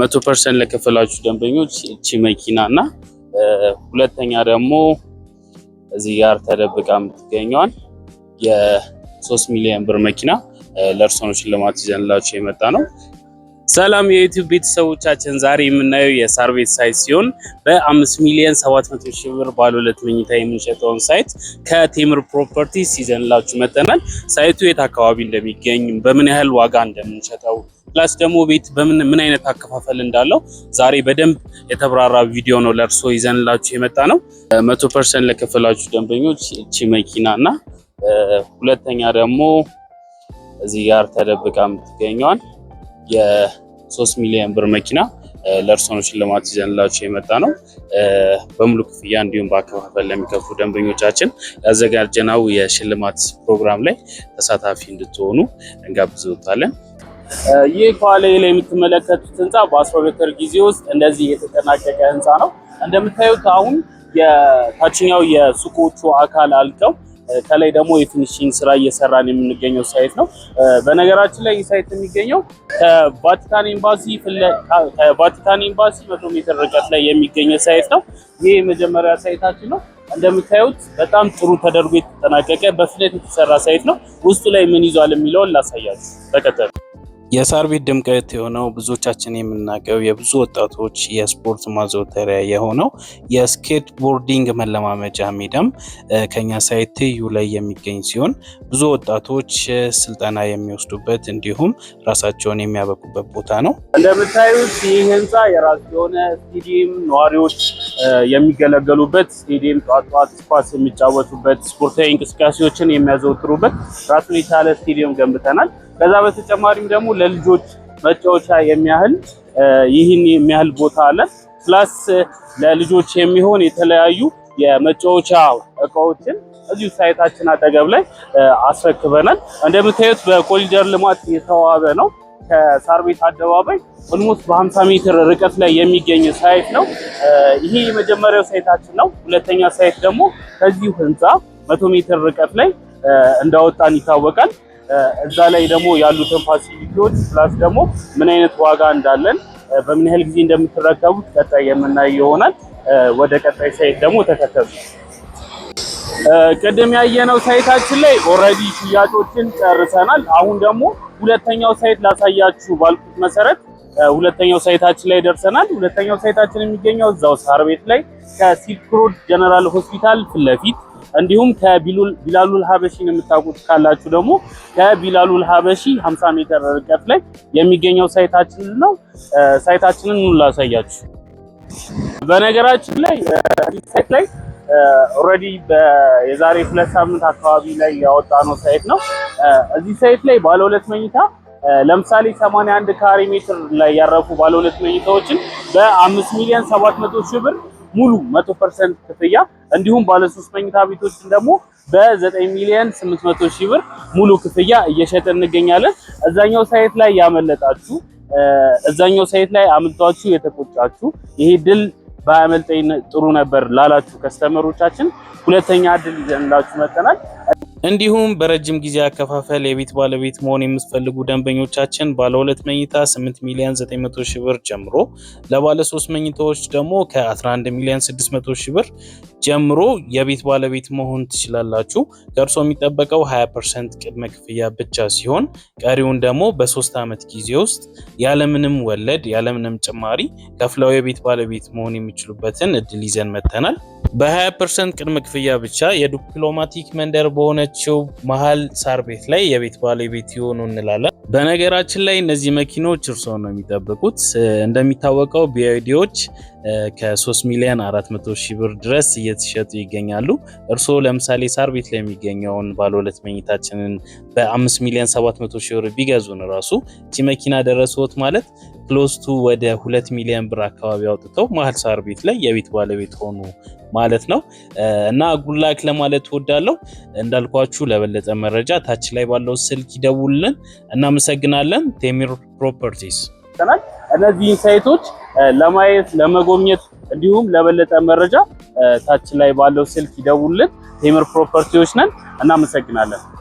መቶ ፐርሰንት ለከፈላችሁ ደንበኞች እቺ መኪና እና ሁለተኛ ደግሞ እዚህ ጋር ተደብቃ የምትገኘዋን የሶስት ሚሊዮን ብር መኪና ለእርሶ ነው ሽልማት ይዘንላችሁ የመጣ ነው። ሰላም የዩቲዩብ ቤተሰቦቻችን፣ ዛሬ የምናየው የሳር ቤት ሳይት ሲሆን በአምስት ሚሊዮን ሰባት መቶ ሺህ ብር ባለ ሁለት መኝታ የምንሸጠውን ሳይት ከቴምር ፕሮፐርቲ ይዘንላችሁ መጠናል። ሳይቱ የት አካባቢ እንደሚገኝ በምን ያህል ዋጋ እንደምንሸጠው ፕላስ ደግሞ ቤት በምን ምን አይነት አከፋፈል እንዳለው ዛሬ በደንብ የተብራራ ቪዲዮ ነው ለእርሶ ይዘንላችሁ የመጣ ነው። መቶ ፐርሰንት ለከፈላችሁ ደንበኞች እቺ መኪና እና ሁለተኛ ደግሞ እዚህ ጋር ተደብቃ የምትገኘዋን የሶስት ሚሊዮን ብር መኪና ለእርሶ ሽልማት ይዘንላችሁ የመጣ ነው። በሙሉ ክፍያ እንዲሁም በአከፋፈል ለሚከፍሉ ደንበኞቻችን ያዘጋጀነው የሽልማት ፕሮግራም ላይ ተሳታፊ እንድትሆኑ እንጋብዝዎታለን። ይህ ከኋላዬ ላይ የምትመለከቱት ህንፃ በአስራ ሁለት ወር ጊዜ ውስጥ እንደዚህ የተጠናቀቀ ህንፃ ነው። እንደምታዩት አሁን የታችኛው የሱቆቹ አካል አልቀው ከላይ ደግሞ የፊኒሽንግ ስራ እየሰራን የምንገኘው ሳይት ነው። በነገራችን ላይ ይህ ሳይት የሚገኘው ከቫቲካን ኤምባሲ ከቫቲካን ኤምባሲ መቶ ሜትር ርቀት ላይ የሚገኘ ሳይት ነው። ይህ የመጀመሪያ ሳይታችን ነው። እንደምታዩት በጣም ጥሩ ተደርጎ የተጠናቀቀ በፍጥነት የተሰራ ሳይት ነው። ውስጡ ላይ ምን ይዟል የሚለውን ላሳያችሁ። ተከተሉ። የሳር ቤት ድምቀት የሆነው ብዙዎቻችን የምናውቀው የብዙ ወጣቶች የስፖርት ማዘውተሪያ የሆነው የስኬት ቦርዲንግ መለማመጃ ሜዳም ከኛ ሳይት ትዩ ላይ የሚገኝ ሲሆን ብዙ ወጣቶች ስልጠና የሚወስዱበት እንዲሁም ራሳቸውን የሚያበቁበት ቦታ ነው። እንደምታዩት ይህ ህንፃ የራሱ የሆነ ስቴዲየም፣ ነዋሪዎች የሚገለገሉበት ስቴዲየም፣ ጠዋት ጠዋት ኳስ የሚጫወቱበት ስፖርታዊ እንቅስቃሴዎችን የሚያዘወትሩበት ራሱን የቻለ ስቴዲየም ገንብተናል። ከዛ በተጨማሪም ደግሞ ለልጆች መጫወቻ የሚያህል ይህን የሚያህል ቦታ አለ። ፕላስ ለልጆች የሚሆን የተለያዩ የመጫወቻ እቃዎችን እዚሁ ሳይታችን አጠገብ ላይ አስረክበናል። እንደምታዩት በኮሪደር ልማት የተዋበ ነው። ከሳር ቤት አደባባይ ኦልሞስት በ50 ሜትር ርቀት ላይ የሚገኝ ሳይት ነው። ይሄ የመጀመሪያው ሳይታችን ነው። ሁለተኛ ሳይት ደግሞ ከዚሁ ህንፃ መቶ ሜትር ርቀት ላይ እንዳወጣን ይታወቃል። እዛ ላይ ደግሞ ያሉትን ፋሲሊቲዎች ፕላስ ደግሞ ምን አይነት ዋጋ እንዳለን በምን ያህል ጊዜ እንደምትረከቡት ቀጣይ የምናይ ይሆናል። ወደ ቀጣይ ሳይት ደግሞ ተከተሉ። ቅድም ያየነው ሳይታችን ላይ ኦልሬዲ ሽያጮችን ጨርሰናል። አሁን ደግሞ ሁለተኛው ሳይት ላሳያችሁ ባልኩት መሰረት ሁለተኛው ሳይታችን ላይ ደርሰናል። ሁለተኛው ሳይታችን የሚገኘው እዛው ሳር ቤት ላይ ከሲልክ ሮድ ጀነራል ሆስፒታል ፊት ለፊት እንዲሁም ከቢላሉል ሀበሺ የምታውቁት ካላችሁ ደግሞ ከቢላሉል ሀበሺ 50 ሜትር ርቀት ላይ የሚገኘው ሳይታችን ነው። ሳይታችንን ኑ ላሳያችሁ። በነገራችን ላይ ሳይት ላይ ኦልሬዲ የዛሬ ሁለት ሳምንት አካባቢ ላይ ያወጣ ነው ሳይት ነው። እዚህ ሳይት ላይ ባለ ሁለት መኝታ ለምሳሌ 81 ካሬ ሜትር ላይ ያረፉ ባለ ሁለት መኝታዎችን በ5 ሚሊዮን 700 ሺህ ብር ሙሉ 100% ክፍያ እንዲሁም ባለ 3 መኝታ ቤቶችን ደግሞ በ9 ሚሊዮን 800 ሺህ ብር ሙሉ ክፍያ እየሸጠ እንገኛለን። እዛኛው ሳይት ላይ ያመለጣችሁ፣ እዛኛው ሳይት ላይ አምልጧችሁ የተቆጫችሁ ይሄ ድል ባያመልጠኝ ጥሩ ነበር ላላችሁ ከስተመሮቻችን ሁለተኛ እድል ይዘንላችሁ መጥተናል። እንዲሁም በረጅም ጊዜ አከፋፈል የቤት ባለቤት መሆን የምትፈልጉ ደንበኞቻችን ባለ ሁለት መኝታ 8 ሚሊዮን 900 ሺህ ብር ጀምሮ ለባለ ሶስት መኝታዎች ደግሞ ከ11 ሚሊዮን 600 ሺህ ብር ጀምሮ የቤት ባለቤት መሆን ትችላላችሁ። ከእርሶ የሚጠበቀው 20 ፐርሰንት ቅድመ ክፍያ ብቻ ሲሆን ቀሪውን ደግሞ በሶስት ዓመት ጊዜ ውስጥ ያለምንም ወለድ ያለምንም ጭማሪ ከፍለው የቤት ባለቤት መሆን የሚችሉበትን እድል ይዘን መጥተናል። በ20 ፐርሰንት ቅድመ ክፍያ ብቻ የዲፕሎማቲክ መንደር በሆነችው መሀል ሳር ቤት ላይ የቤት ባለቤት ይሆኑ እንላለን። በነገራችን ላይ እነዚህ መኪኖች እርስዎን ነው የሚጠብቁት። እንደሚታወቀው ቢአይዲዎች ከ3 ሚሊዮን 400 ሺ ብር ድረስ እየተሸጡ ይገኛሉ። እርስዎ ለምሳሌ ሳር ቤት ላይ የሚገኘውን ባለ ሁለት መኝታችንን በ5 ሚሊዮን 700 ሺህ ብር ቢገዙን ራሱ እቺ መኪና ደረሰዎት ማለት ክሎስቱ ወደ ሁለት ሚሊዮን ብር አካባቢ አውጥተው መሀል ሳር ቤት ላይ የቤት ባለቤት ሆኑ ማለት ነው። እና ጉላክ ለማለት ወዳለው እንዳልኳችሁ፣ ለበለጠ መረጃ ታች ላይ ባለው ስልክ ይደውልን። እናመሰግናለን። ቴሚር ፕሮፐርቲስ እነዚህን ሳይቶች ለማየት ለመጎብኘት እንዲሁም ለበለጠ መረጃ ታች ላይ ባለው ስልክ ይደውልን። ቴምር ፕሮፐርቲዎች ነን። እናመሰግናለን።